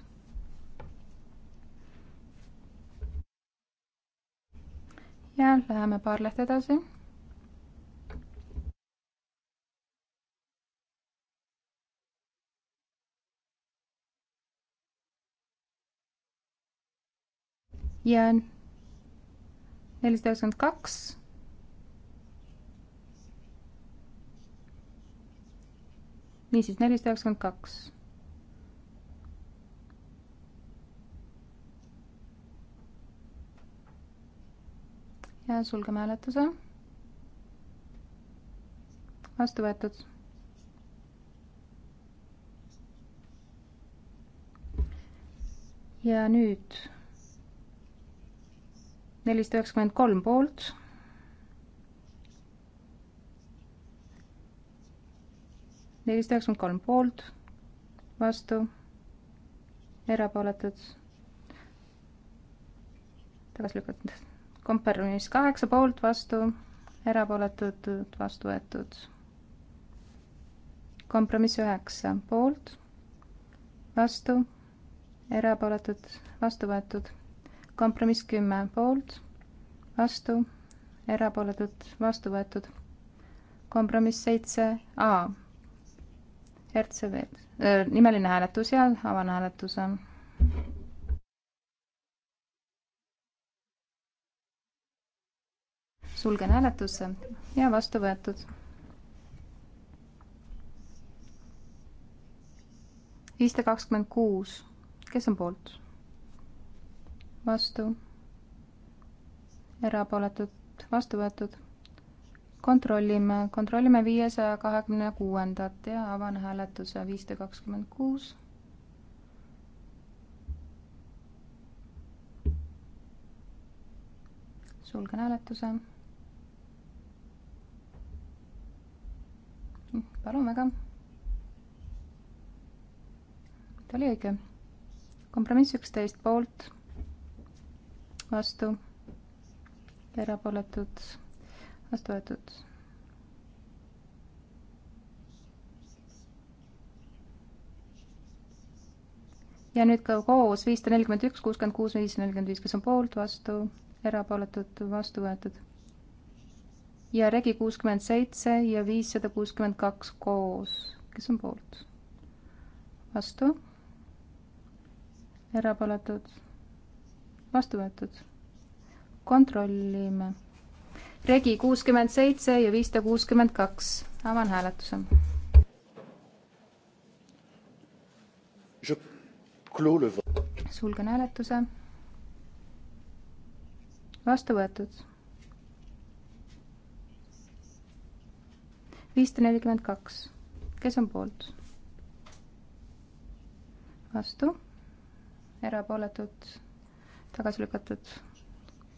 ja läheme paar lehte edasi ja nelisada üheksakümmend kaks. niisiis, nelisada üheksakümmend kaks. ja sulgeme hääletuse. vastu võetud. ja nüüd nelisada üheksakümmend kolm poolt. nelisada üheksakümmend kolm poolt, vastu, erapooletud, tagasi lükatud. kompromiss kaheksa poolt, vastu, erapooletud, vastu võetud. kompromiss üheksa poolt, vastu, erapooletud, vastu võetud kompromiss kümme poolt, vastu, erapooletud, vastu võetud. kompromiss seitse A. Hertsev, nimeline hääletus ja avan hääletuse. sulgen hääletuse ja vastu võetud. viissada kakskümmend kuus, kes on poolt? vastu, erapooletud vastu võetud. kontrollime, kontrollime viiesaja kahekümne kuuendat ja avan hääletuse viissada kakskümmend kuus sulgen hääletuse. Hm, palun väga. ta oli õige. kompromiss üksteist poolt, vastu, erapooletud, vastu võetud. ja nüüd ka koos viissada nelikümmend üks, kuuskümmend kuus, viissada nelikümmend viis, kes on poolt, vastu, erapooletud, vastu võetud. ja regi kuuskümmend seitse ja viissada kuuskümmend kaks koos, kes on poolt, vastu, erapooletud vastu võetud. kontrollime. regi kuuskümmend seitse ja viissada kuuskümmend kaks. avan hääletuse. sulgen hääletuse. vastu võetud. viissada nelikümmend kaks. kes on poolt? vastu, erapooletud tagasi lükatud.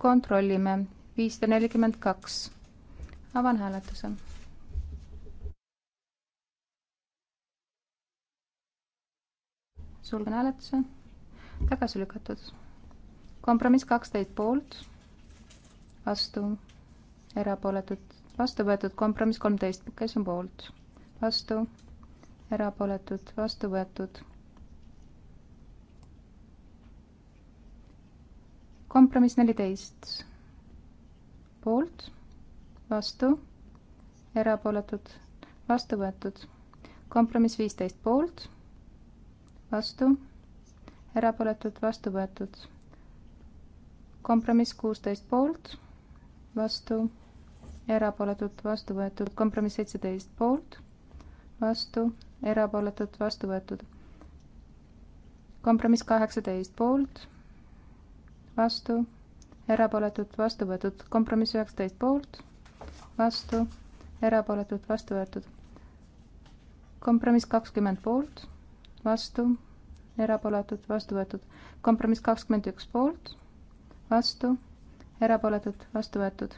kontrollime, viissada nelikümmend kaks. avan hääletuse. sulgen hääletuse. tagasi lükatud. kompromiss kaksteist poolt, vastu, erapooletud, vastu võetud, kompromiss kolmteist, kes on poolt, vastu, erapooletud, vastu võetud kompromiss neliteist poolt, vastu, erapooletud, vastu võetud. kompromiss viisteist poolt, vastu, erapooletud, vastu võetud. kompromiss kuusteist poolt, vastu, erapooletud, vastu võetud. kompromiss seitseteist poolt, vastu, erapooletud, vastu võetud. kompromiss kaheksateist poolt vastu, erapooletud, vastu võetud. kompromiss üheksateist poolt, vastu, erapooletud, vastu võetud. kompromiss kakskümmend poolt, vastu, erapooletud, vastu võetud. kompromiss kakskümmend üks poolt, vastu, erapooletud, vastu võetud.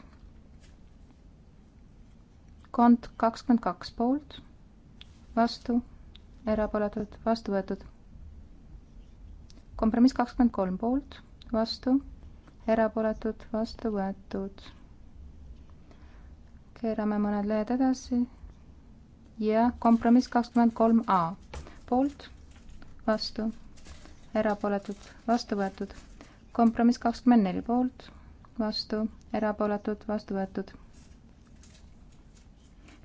kont kakskümmend kaks poolt, vastu, erapooletud, vastu võetud kompromiss kakskümmend kolm poolt, vastu, erapooletud, vastu võetud. keerame mõned lehed edasi ja kompromiss kakskümmend kolm A poolt, vastu, erapooletud, vastu võetud. kompromiss kakskümmend neli poolt, vastu, erapooletud, vastu võetud.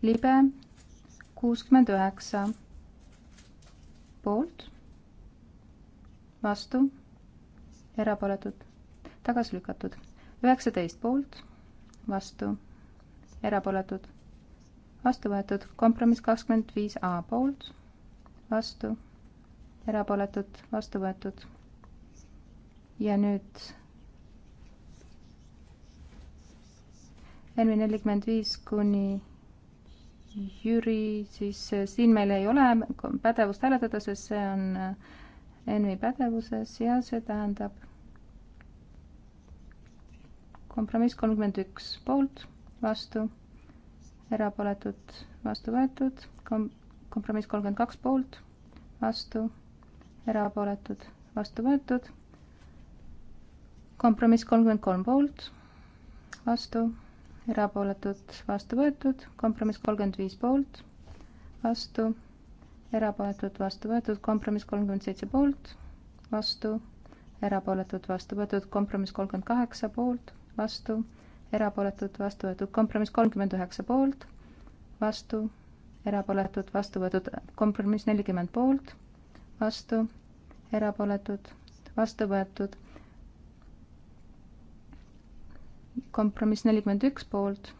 libe kuuskümmend üheksa poolt, vastu erapooletud, tagasi lükatud. üheksateist poolt, vastu, erapooletud, vastu võetud. kompromiss kakskümmend viis A poolt, vastu, erapooletud, vastu võetud. ja nüüd Helmi nelikümmend viis kuni Jüri, siis eh, siin meil ei ole pädevust hääletada, sest see on ENMi eh, pädevuses ja see tähendab, kompromiss kolmkümmend üks poolt, vastu, erapooletud, vastu võetud, kom-, kompromiss kolmkümmend kaks poolt, vastu, erapooletud, vastu võetud, kompromiss kolmkümmend kolm poolt, vastu, erapooletud, vastu võetud, kompromiss kolmkümmend viis poolt, vastu, erapooletud, vastu võetud, kompromiss kolmkümmend seitse poolt, vastu, erapooletud, vastu võetud, kompromiss kolmkümmend kaheksa poolt vastu, erapooletud, vastu võetud kompromiss kolmkümmend üheksa poolt, vastu, erapooletud, vastu võetud kompromiss nelikümmend poolt, vastu, erapooletud, vastu võetud kompromiss nelikümmend üks poolt,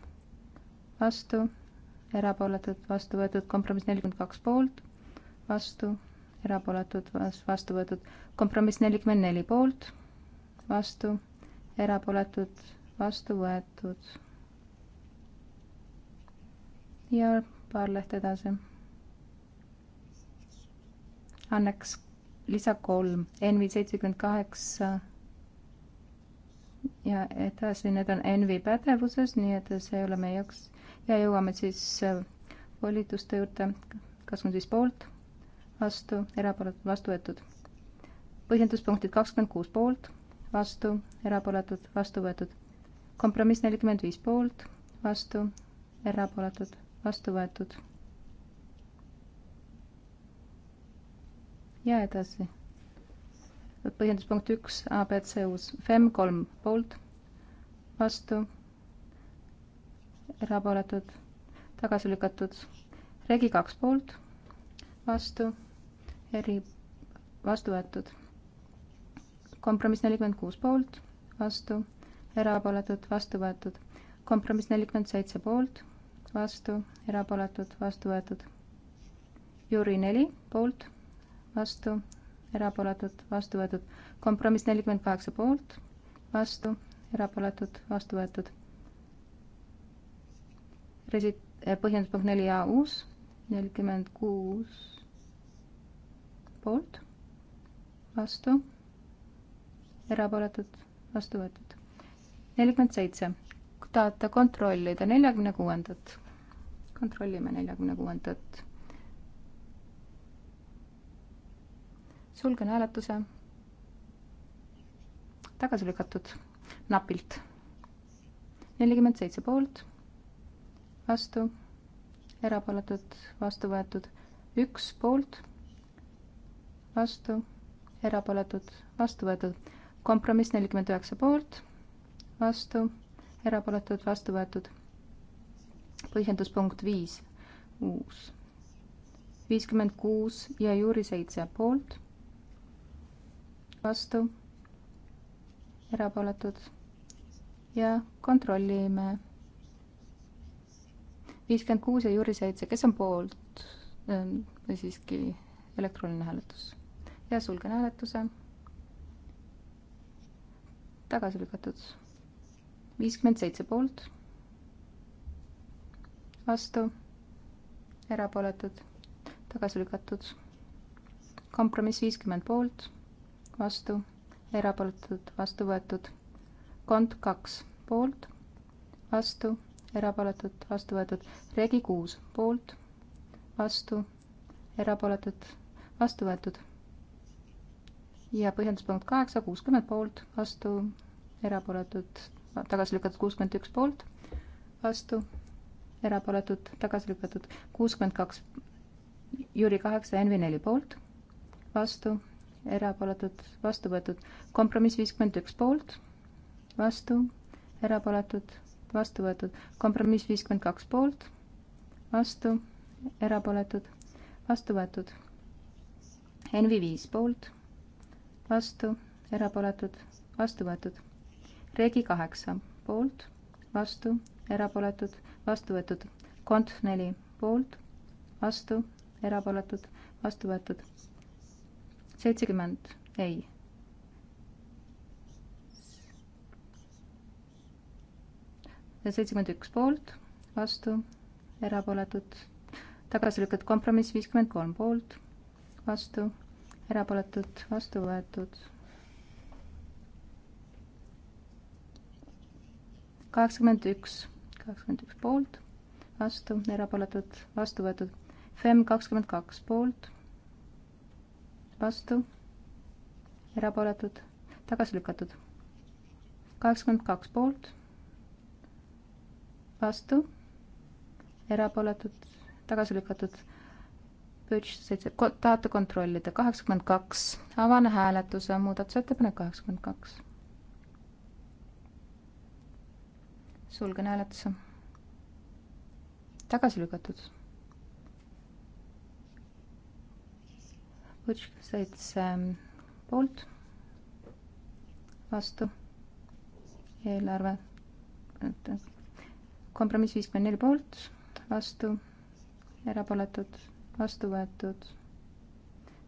vastu, erapooletud, vastu võetud kompromiss nelikümmend kaks poolt, vastu, erapooletud, vastu võetud kompromiss nelikümmend neli poolt, vastu erapooletud, vastu võetud. ja paar lehte edasi. Anneks lisa kolm, NV seitsekümmend kaheksa ja edasi, need on NV pädevuses, nii et see ei ole meie jaoks ja jõuame siis äh, volituste juurde, kas on siis poolt, vastu, erapooletud, vastu võetud. põhjenduspunktid kakskümmend kuus poolt vastu, erapooletud, vastu võetud. kompromiss nelikümmend viis poolt, vastu, erapooletud, vastu võetud. ja edasi. põhjenduspunkt üks abc uus, FEM kolm poolt, vastu, erapooletud, tagasi lükatud. regi kaks poolt, vastu, eri, vastu võetud kompromiss nelikümmend kuus poolt, vastu, erapooletud, vastu võetud. kompromiss nelikümmend seitse poolt, vastu, erapooletud, vastu võetud. Jüri neli poolt, vastu, erapooletud, vastu võetud. kompromiss nelikümmend kaheksa poolt, vastu, erapooletud, vastu võetud. Resi-, eh, põhjenduspunkt neli A uus, nelikümmend kuus poolt, vastu erapooletud, vastu võetud. nelikümmend seitse, tahate kontrollida neljakümne kuuendat? kontrollime neljakümne kuuendat. sulgen hääletuse. tagasi lükatud, napilt. nelikümmend seitse poolt, vastu, erapooletud, vastu võetud, üks poolt, vastu erapooletud, vastu võetud kompromiss nelikümmend üheksa poolt, vastu, erapooletud, vastu võetud. põhjenduspunkt viis, uus. viiskümmend kuus ja juuri seitse poolt, vastu, erapooletud ja kontrollime. viiskümmend kuus ja juuri seitse, kes on poolt? või äh, siiski elektrooniline hääletus ja sulgen hääletuse tagasi lükatud. viiskümmend seitse poolt, vastu, erapooletud, tagasi lükatud. kompromiss viiskümmend poolt, vastu, erapooletud, vastu võetud. kond kaks poolt, vastu, erapooletud, vastu võetud. regi kuus poolt, vastu, erapooletud, vastu võetud ja põhjenduspunkt kaheksa, kuuskümmend poolt, vastu, erapooletud, tagasi lükatud kuuskümmend üks poolt, vastu, erapooletud, tagasi lükatud kuuskümmend kaks, Jüri kaheksa, Envi neli poolt, vastu, erapooletud, vastu võetud, kompromiss viiskümmend üks poolt, vastu, erapooletud, vastu võetud, kompromiss viiskümmend kaks poolt, vastu, erapooletud, vastu võetud, Envi viis poolt vastu, erapooletud, vastu võetud. Regi kaheksa, poolt, vastu, erapooletud, vastu võetud. kont neli, poolt, vastu, erapooletud, vastu võetud. seitsekümmend, ei ja seitsekümmend üks poolt, vastu, erapooletud, tagasi lükatud kompromiss viiskümmend kolm poolt, vastu, erapooletud, vastu võetud. kaheksakümmend üks, kaheksakümmend üks poolt, vastu, erapooletud, vastu võetud. FEM kakskümmend kaks poolt, vastu, erapooletud, tagasi lükatud. kaheksakümmend kaks poolt, vastu, erapooletud, tagasi lükatud Püts seitse, tahate kontrollida, kaheksakümmend kaks, avan hääletuse, muudatusettepanek kaheksakümmend kaks. sulgen hääletuse. tagasi lükatud. Püts seitse ähm, poolt, vastu, eelarve, kompromiss viiskümmend neli poolt, vastu, erapooletud vastu võetud.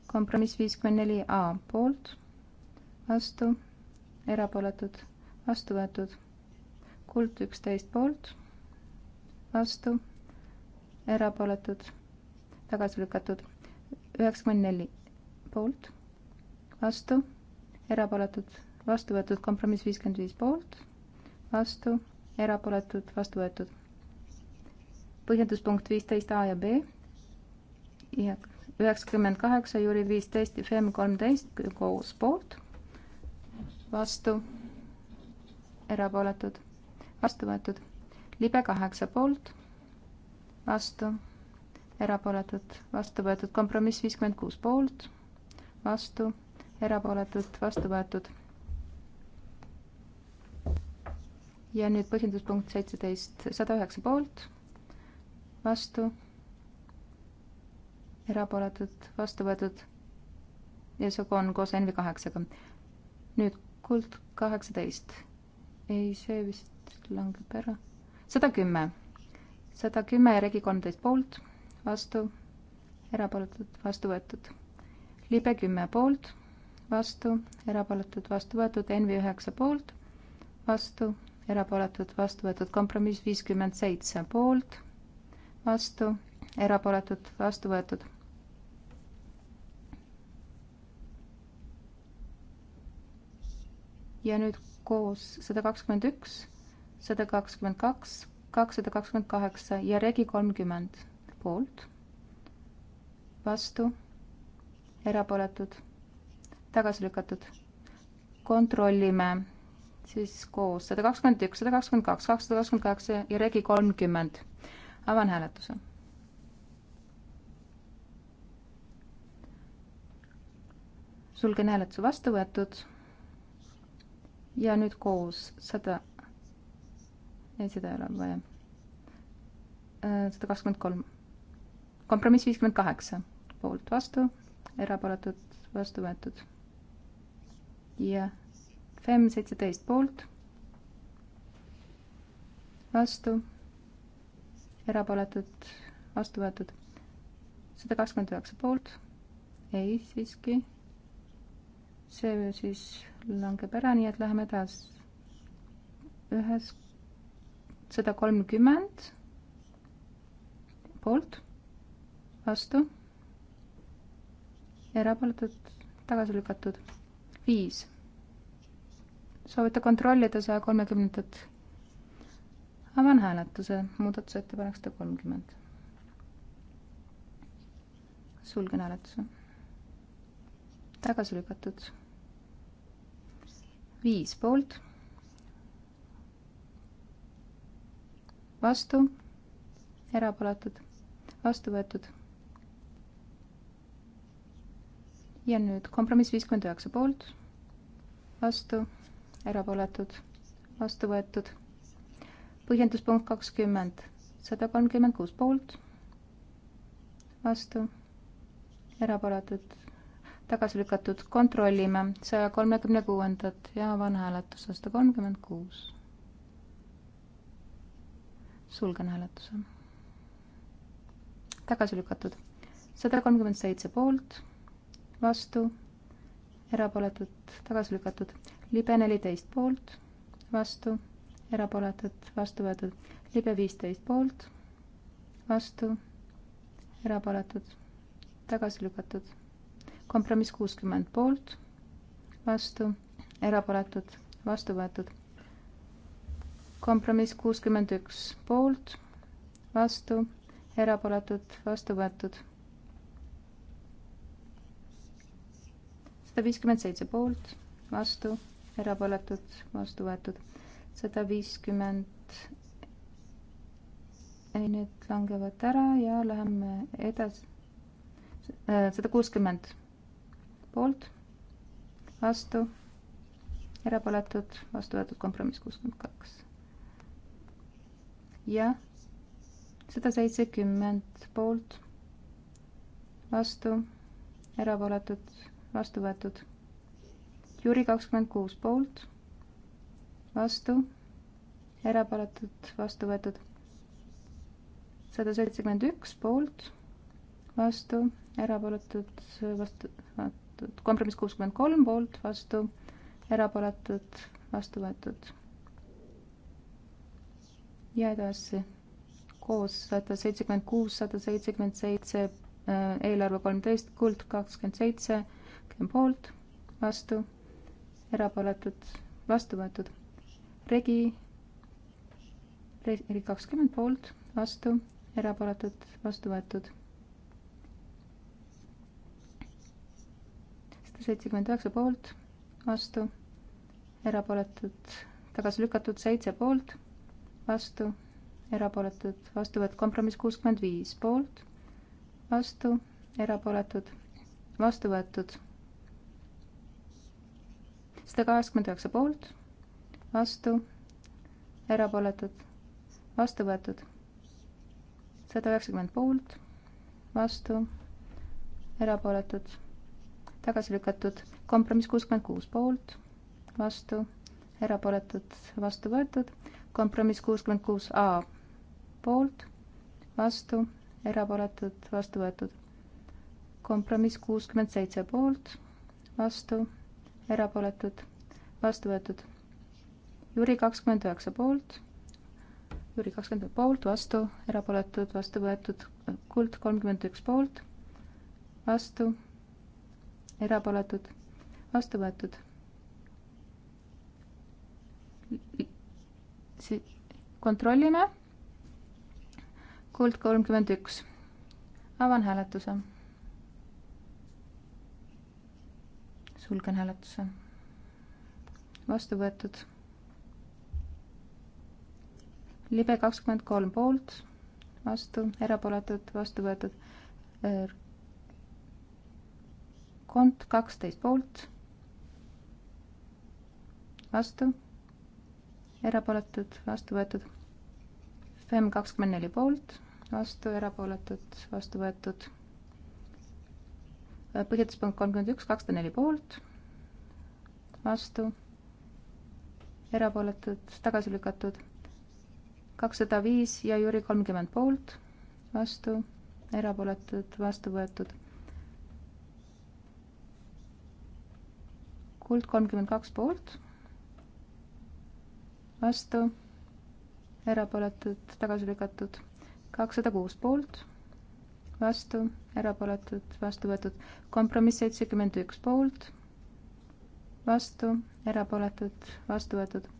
kompromiss viiskümmend neli A poolt, vastu, erapooletud, vastu võetud. kuld üksteist poolt, vastu, erapooletud, tagasi lükatud. üheksakümmend neli poolt, vastu, erapooletud, vastu võetud. kompromiss viiskümmend viis poolt, vastu, erapooletud, vastu võetud. põhjenduspunkt viisteist A ja B ja üheksakümmend kaheksa, Jüri viisteist ja FEM kolmteist koos poolt, vastu, erapooletud, vastu võetud, libe kaheksa poolt, vastu, erapooletud, vastu võetud, kompromiss viiskümmend kuus poolt, vastu, erapooletud, vastu võetud. ja nüüd põhjenduspunkt seitseteist, sada üheksa poolt, vastu erapooletud, vastu võetud ja sugu on koos NV kaheksaga. nüüd kuld kaheksateist. ei, see vist langeb ära. sada kümme, sada kümme ja regi kolmteist poolt, vastu, erapooletud, vastu võetud. libe kümme poolt, vastu, erapooletud, vastu võetud, NV üheksa poolt, vastu, erapooletud, vastu võetud, kompromiss viiskümmend seitse poolt, vastu, erapooletud, vastu võetud ja nüüd koos sada kakskümmend üks, sada kakskümmend kaks, kakssada kakskümmend kaheksa ja regi kolmkümmend poolt, vastu, erapooletud, tagasi lükatud. kontrollime siis koos sada kakskümmend üks, sada kakskümmend kaks, kakssada kakskümmend kaheksa ja regi kolmkümmend. avan hääletuse sulgen hääletuse vastu võetud ja nüüd koos sada, ei, seda ei ole vaja. Äh, sada kakskümmend kolm, kompromiss viiskümmend kaheksa, poolt vastu, erapooletud vastu võetud. ja FEM seitseteist poolt, vastu, erapooletud, vastu võetud, sada kakskümmend üheksa poolt, ei siiski see siis langeb ära, nii et läheme edasi. ühes sada kolmkümmend poolt, vastu, erapooletud, tagasi lükatud, viis. soovite kontrollida saja kolmekümnendat? avan hääletuse, muudatusettepanek sada kolmkümmend. sulgen hääletuse. tagasi lükatud viis poolt. vastu, erapooletud, vastu võetud. ja nüüd kompromiss viiskümmend üheksa poolt, vastu, erapooletud, vastu võetud. põhjenduspunkt kakskümmend, sada kolmkümmend kuus poolt, vastu, erapooletud tagasi lükatud, kontrollime saja kolmekümne kuuendat ja avan hääletuse sada kolmkümmend kuus. sulgen hääletuse. tagasi lükatud, sada kolmkümmend seitse poolt, vastu, erapooletud, tagasi lükatud, libe neliteist poolt, vastu, erapooletud, vastu võetud, libe viisteist poolt, vastu, erapooletud, tagasi lükatud kompromiss kuuskümmend poolt, vastu, erapooletud, vastu võetud. kompromiss kuuskümmend üks poolt, vastu, erapooletud, vastu võetud. sada viiskümmend seitse poolt, vastu, erapooletud, vastu võetud. sada viiskümmend ei, need langevad ära ja läheme edasi. Äh, sada kuuskümmend poolt, vastu, erapooletud, vastu võetud kompromiss kuuskümmend kaks. ja sada seitsekümmend poolt, vastu, erapooletud, vastu võetud. Jüri kakskümmend kuus poolt, vastu, erapooletud, vastu võetud. sada seitsekümmend üks poolt, vastu, erapooletud, vastu, vastu võetud, kompromiss kuuskümmend kolm poolt, vastu, erapooletud, vastu võetud. ja edasi koos sada seitsekümmend kuus, sada seitsekümmend seitse, äh, eelarve kolmteist, kuld kakskümmend seitse, poolt, vastu, erapooletud, vastu võetud. regi, regi kakskümmend poolt, vastu, erapooletud, vastu võetud seitsekümmend üheksa poolt, vastu, erapooletud, tagasi lükatud seitse poolt, vastu, erapooletud, vastu võetud kompromiss kuuskümmend viis poolt, vastu, erapooletud, vastu võetud sada kaheksakümmend üheksa poolt, vastu, erapooletud, vastu võetud sada üheksakümmend poolt, vastu, erapooletud tagasi lükatud. kompromiss kuuskümmend kuus poolt, vastu, erapooletud, vastu võetud. kompromiss kuuskümmend kuus A poolt, vastu, erapooletud, vastu võetud. kompromiss kuuskümmend seitse poolt, vastu, erapooletud, vastu võetud. Jüri kakskümmend üheksa poolt Jüri kakskümmend poolt, vastu, erapooletud, vastu võetud, kuld kolmkümmend üks poolt, vastu, erapooletud, vastu võetud. kontrollime. kuld kolmkümmend üks. avan hääletuse. sulgen hääletuse. vastu võetud. libe kakskümmend kolm poolt, vastu, erapooletud, vastu võetud kont kaksteist poolt, vastu, erapooletud, vastu võetud. FEM kakskümmend neli poolt, vastu, erapooletud, vastu võetud. põhjenduspunkt kolmkümmend üks, kakssada neli poolt, vastu, erapooletud, tagasi lükatud. kakssada viis ja Jüri kolmkümmend poolt, vastu, erapooletud, vastu võetud kuld kolmkümmend kaks poolt, vastu, erapooletud, tagasi lükatud, kakssada kuus poolt, vastu, erapooletud, vastu võetud, kompromiss seitsekümmend üks poolt, vastu, erapooletud, vastu võetud,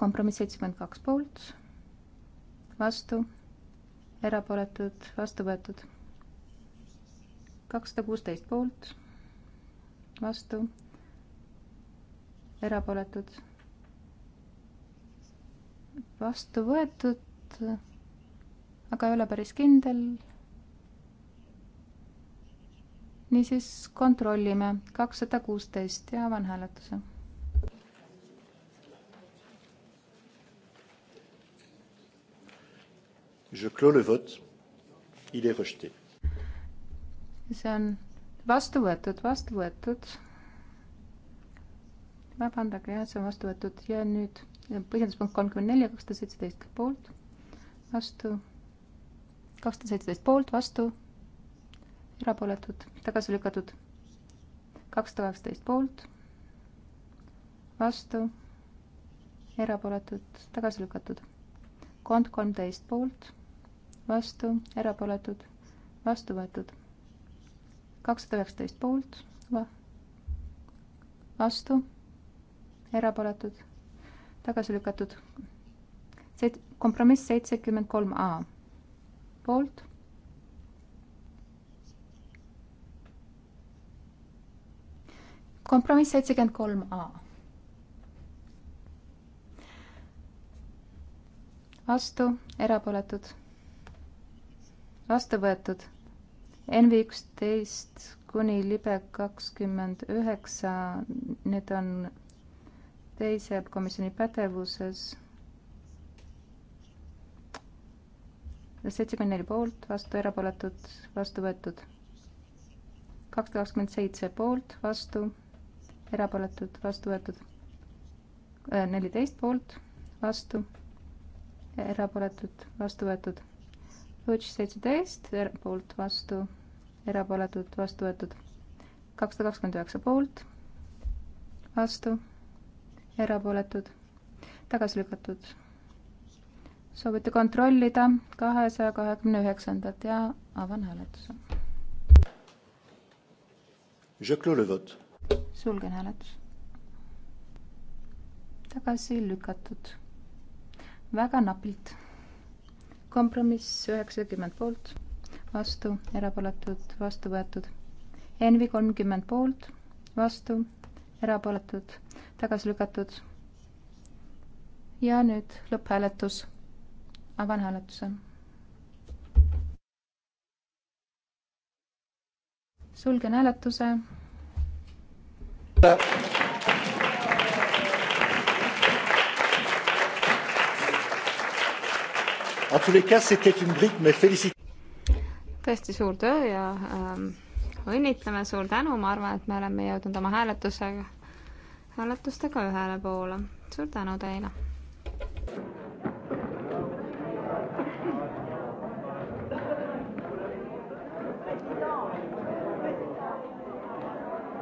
kompromiss seitsekümmend kaks poolt, vastu, erapooletud, vastu võetud kakssada kuusteist poolt, vastu, erapooletud, vastu võetud, aga ei ole päris kindel. niisiis kontrollime kakssada kuusteist ja avan hääletuse Je clos le vote. Il est rejeté. see on vastu võetud, vastu võetud. vabandage, jah, see on vastu võetud ja nüüd põhjenduspunkt kolmkümmend neli, kakssada seitseteist poolt, vastu, kakssada seitseteist poolt, vastu, erapooletud, tagasi lükatud, kakssada kaheksateist poolt, vastu, erapooletud, tagasi lükatud, kond kolmteist poolt, vastu, erapooletud, vastu võetud kakssada üheksateist poolt, vastu, erapooletud, tagasi lükatud. Seit-, kompromiss seitsekümmend kolm A poolt. kompromiss seitsekümmend kolm A. vastu, erapooletud, vastu võetud NV üksteist kuni libe kakskümmend üheksa, need on teise komisjoni pädevuses. seitsekümmend neli poolt, vastu erapooletud, vastu võetud. kakssada kakskümmend seitse poolt, vastu erapooletud, vastu võetud. neliteist poolt, vastu erapooletud, vastu võetud Lodž seitseteist er-, poolt vastu, erapooletud vastu võetud. kakssada kakskümmend üheksa poolt vastu, erapooletud, tagasi lükatud. soovite kontrollida kahesaja kahekümne üheksandat ja avan hääletuse. sulgen hääletuse. tagasi lükatud, väga napilt kompromiss üheksakümmend poolt, vastu, erapooletud, vastu võetud. Envi kolmkümmend poolt, vastu, erapooletud, tagasi lükatud. ja nüüd lõpphääletus. avan hääletuse. sulgen hääletuse. tõesti suur töö ja ähm, õnnitleme, suur tänu, ma arvan, et me oleme jõudnud oma hääletusega, hääletustega ühele poole. suur tänu teile!